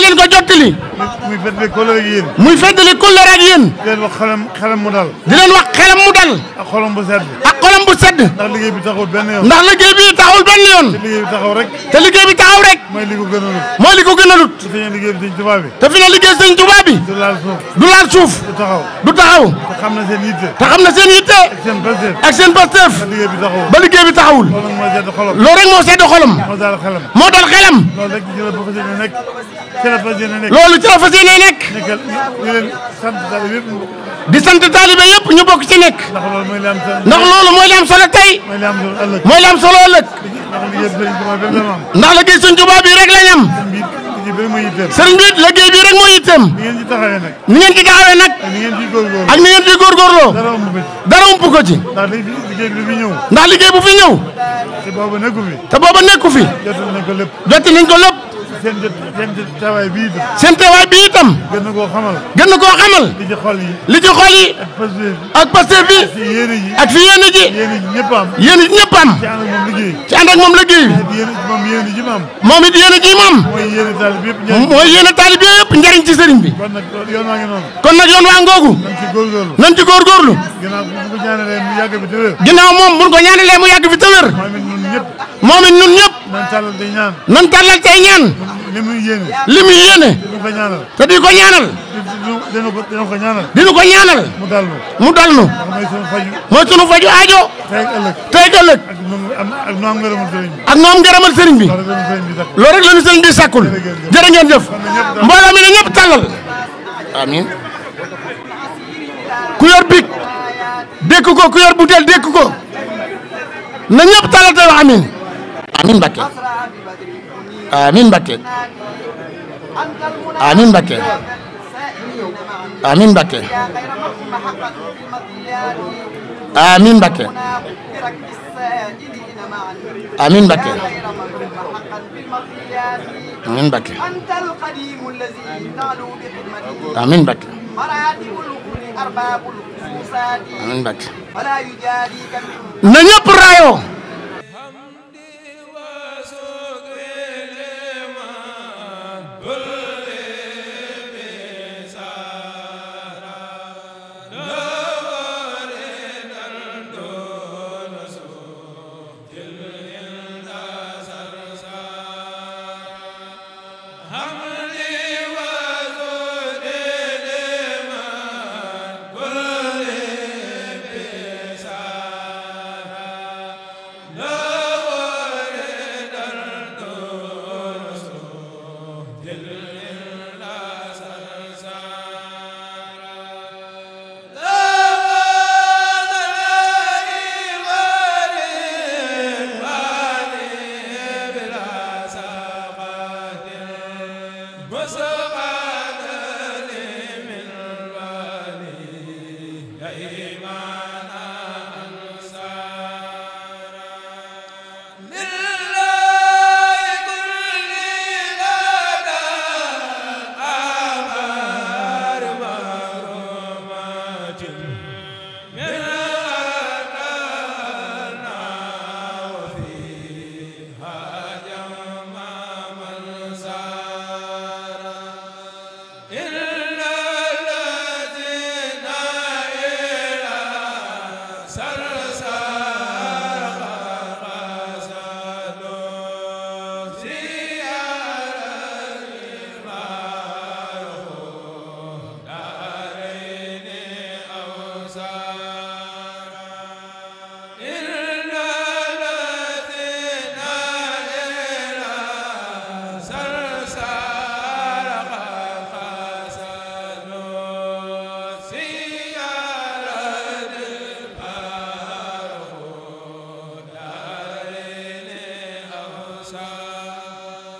leen ko jottali muy feddali kóllëre ak yéen. muy feddali kóllëre ak yéen. di leen wax xelam xelam mu dal. di leen wax xelam mu dal. ak xolam bu sedd. ak xolam bu sedd. ndax liggéey bi taxawul benn yoon. ndax liggéey bi taxawul benn yoon. te liggéey bi taxaw rek. te liggéey bi taxaw rek. mooy li ko gënalut. mooy li ko gënalut. te fi ne liggéey sëñ Tuubaa bi. te fi ne liggéey sëñ Tuubaa bi. du laal suuf. du laal suuf. du taxaw. du taxaw. te xam na seen yitte. te xam na seen yitte. ak seen pasteef. ak seen pasteef. ba liggéey bi taxawul. loolu rek moo sedd xolam. moo dal xelam. moo dal xelam. loolu ci la fas yéene nekk. yéenee nekk. di sant taalibe yëpp ñu bokk ci nekk. ndax loolu mooy li am solo tey. mooy li am solo ëllëg. ndax liggéey Sëñ Tuubaa bi rek lañ am. sëriñ bi liggéey bi rek mooy itteem. ni ngeen ci taxawee nag. ni ngeen ci taxawee nag. ak ni ngeen ciy góorgóorloo. dara ump ko ci. ndax liggéey bu fi ñëw. ndax liggéey bu fi ñëw. te booba nekku fi. te booba lépp. seen teewaay bi itam. seen teewaay bi itam. gën na koo xamal. gën koo xamal. li ci xol yi. li ci xol ak Pastef bi. ak yéene fi yéene ji. yéene ñëpp am. yéene ji ñëpp am. ci ànd ak moom liggéey. moom yéene ji ma am. moom it yéene ji mooy yéene taalibe yëpp njariñ ci sëriñ bi. kon nag yoon waa ngi noonu. kon nag yoon waa ngoogu. nañ ci góorgóorlu. ginnaaw moom bu ko ñaanalee mu yàgg fi te ginnaaw moom bu ko ñaanalee mu yàgg fi te moom it ñun ñëpp. nan tàllal ñaan. li muy yéene. li muy yéene. te di ko ñaanal. di ko ko ñaanal. mu dal nu. mu nu. faju aajo. tey ak ëllëg. ak nu am ngërëmal sëriñ bi. loolu rek la ñu sëriñ bi sàkkul. jërë ngeen jëf. mbooloo mi ne ñëpp tàllal. amiin. ku yor big. dékk ko ku yor butéel dékk ko. na ñëpp tàllal tey wax amiin. amiin amiin Mbakke amiin Mbakke amiin Mbakke amiin Mbakke amiin Mbakke amiin Mbakke amiin Mbakke amiin Mbakke na ñëpp raayoo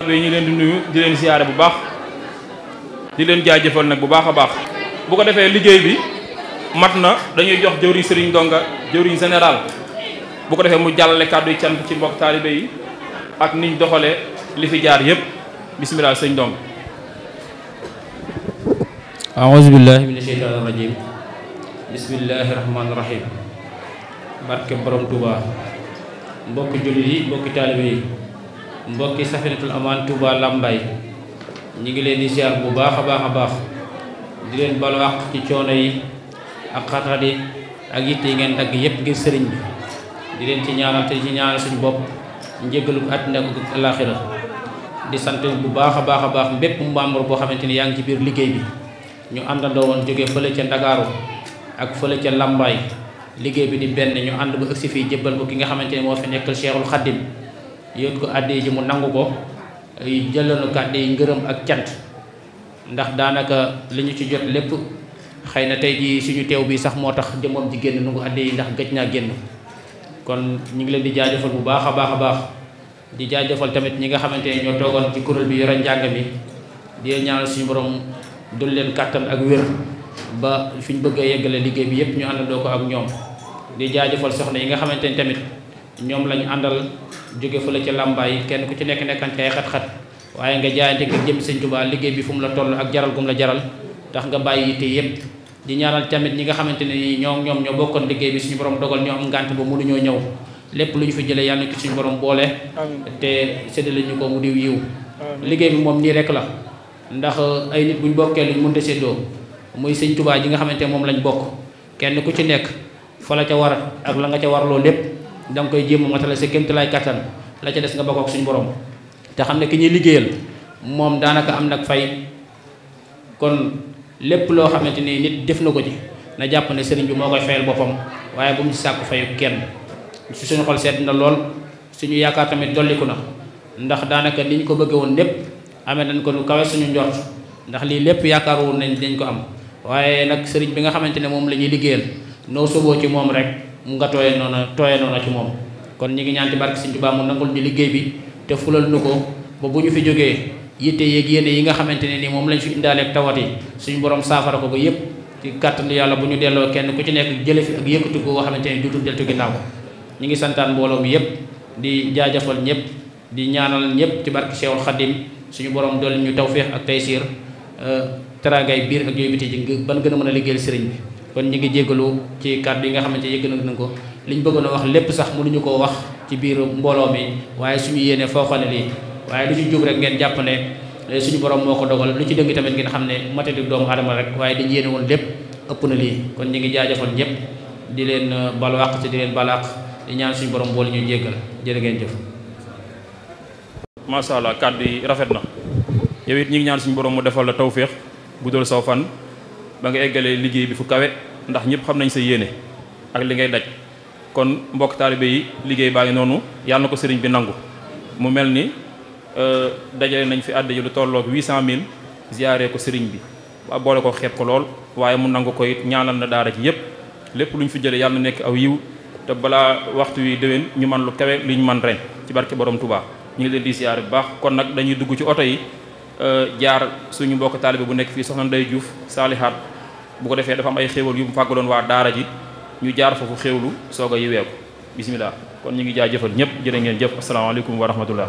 ñu leen di nuyu di leen siyaare bu baax di leen jaajëfal nag bu baax a baax bu ko defee liggéey bi mat na dañuy jox jëwriñ sëriñ donga jëwriñ général bu ko defee mu jàllale kàddu yi cant ci mbokk taalibe yi ak niñ doxalee li fi jaar yépp bisimilah sëñ dong aouzu billahi mina sheytaani rajim bismillahi rahmaani rahim barke borom Touba mbokki jullit yi mbokki taalibe yi mbokki safinatul amaan Touba Lambaye ñi ngi leen di ziar bu baax a baax a baax di leen balu àq ci coono yi ak xatrat yi ak yitte yi ngeen dagg yépp ngir sëriñ bi di leen ci ñaanal te ci ñaanal suñu bopp njëgalu àddina ko alaxira di sant bu baax a baax a baax mbépp membre boo xamante ni yaa ngi ci biir liggéey bi ñu àndandoo woon jógee fële ca Ndakaaru ak fële ca Lambaay liggéey bi di benn ñu ànd ba ëgsi fii jébbal ko ki nga xamante ni moo fi nekkal Cheikhul Khadim yéen ko àddee ji mu nangu ko ay jëlanu kàddu yi ngërëm ak cant ndax daanaka li ñu ci jot lépp xëy na tey jii suñu teew bi sax moo tax jëmoom ji génn nu ngu àddee yi ndax gëj naa génn kon ñu ngi leen di jaajëfal bu baax a baax a baax di jaajëfal tamit ñi nga xamante ne ñoo toogoon ci kuréel bi yore njàng mi di ñaanal suñu borom du leen kàttan ak wér ba fi ñu bëgg a yeggale liggéey bi yépp ñu àndandoo ko ak ñoom di jaajëfal soxna yi nga xamante ni tamit ñoom lañu àndal jóge fu la ci làmbaay kenn ku ci nekk nekkan ci ay xat-xat waaye nga jaayante ngir jëm sëñ Tuubaa liggéey bi fu mu la toll ak jaral gum la jaral tax nga bàyyi yitte yépp di ñaanal tamit ñi nga xamante ni nii ñoo ñoom ñoo bokkoon liggéey bi suñu borom dogal ñoo am ngànt ba ñoo ñëw lépp lu ñu fi jëlee yàlla na ci suñu borom boole te séddale ñu ko mu diw yiw liggéey bi moom nii rek la ndax uh, ay nit buñ bokkee luñ mënta séddoo muy sëñ Tuubaa ji nga xamante moom lañ bokk kenn ku ci nekk fa ca war ak la nga ca warloo lépp da nga koy jéem a matale sa kéemtalaay kattan la ci des nga bokk ak suñu borom te xam ne ki ñuy liggéeyal moom daanaka am nag fay kon lépp loo xamante ni nit def na ko ci na jàpp ne sëriñ bi moo koy fayal boppam waaye bu mu ci sàkku kenn su suñu xol sedd na lool suñu yaakaar tamit dolliku na ndax daanaka li ñu ko bëggee woon lépp amee nañ ko lu kawe suñu njort ndax lii lépp yaakaar woon nañ dañ ko am waaye nag sëriñ bi nga xamante ne moom la ñuy liggéeyal noo soboo ci moom rek mu nga tooyee noona tooyee noona ci moom kon ñi ngi ñaan ci barke Sëñ Tuubaa mu nangul ñu liggéey bi te fulal nu ko ba bu ñu fi jógee yitte yeeg yéene yi nga xamante ne nii moom lañ fi indaaleeg tawat yi suñu borom saafara ko ba yépp ci kàttanu yàlla bu ñu delloo kenn ku ci nekk jële fi ak yëkkati ko boo xamante ne duutul deltu ginnaaw ñi ngi santaan mbooloo mi yépp di jaajëfal ñëpp di ñaanal ñëpp ci barke Cheikhul Khadim suñu borom dolli ñu tawféex ak taysiir euh, teraangay biir ak yooyu biti ji ban gën a mën a liggéeyal sëriñ bi kon ñu ngi jégalu ci kàddu yi nga xamante yëgg nañ ko liñ bëggoon a wax lépp sax mënuñu koo wax ci biir mbooloo mi waaye suñu yéene foofa ne lii waaye lu ci jub rek ngeen jàpp ne eh, suñu borom moo ko dogal lu ci dëng tamit ngeen xam ne matadi doomu aadama rek waaye dañ yéene woon lépp ëpp na lii kon ñu ngi jaajëfal ñëpp di leen eh, balwaq ci di leen balaq di ñaan suñu borom boole ñu jéggal jërë ngeen jëf macha allah kàddu yi rafet na yow it ñu ngi ñaan suñu borom mu defal la tawféex bu dul saw ba nga eggalee liggéey bi fu kawe ndax ñëpp xam nañ sa yéene ak li ngay daj kon mbokk taalibe yi liggéey baa ngi noonu yàlla na ko sëriñ bi nangu mu mel ni euh, dajale nañ fi àdda ji lu tolloog mille ziyaare ko sëriñ bi boole ko xeeb ko lool waaye mu nangu ko it ñaanal na daara ji yëpp lépp lu ñu fi jëlee yàlla nekk aw yiw te balaa waxtu wi déwén ñu man lu kawe lu ñu man ren ci barke borom Touba ñu ngi leen di ziyaare bu baax kon nag dañuy dugg ci oto yi Euh, jaar suñu mbokk taalibe bu nekk fii soxna Ndey Diouf saalihaat bu ko defee dafa am ay xéewal yu mu fàggaloon waa daara ji ñu jaar foofu xéewlu soog a yiweeku bisimilah kon ñu ngi jaa jëfal ñëpp jërë ngeen jëf asalaamaaleykum wa rahmatullah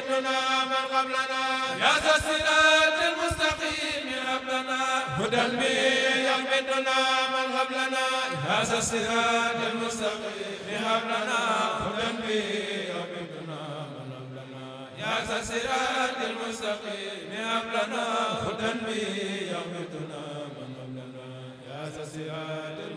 سيدنا من قبلنا يا ذا الصراط المستقيم ربنا هدى به يمدنا من قبلنا يا ذا الصراط المستقيم ربنا هدى به يمدنا من قبلنا يا ذا الصراط المستقيم ربنا هدى به يمدنا من قبلنا يا ذا الصراط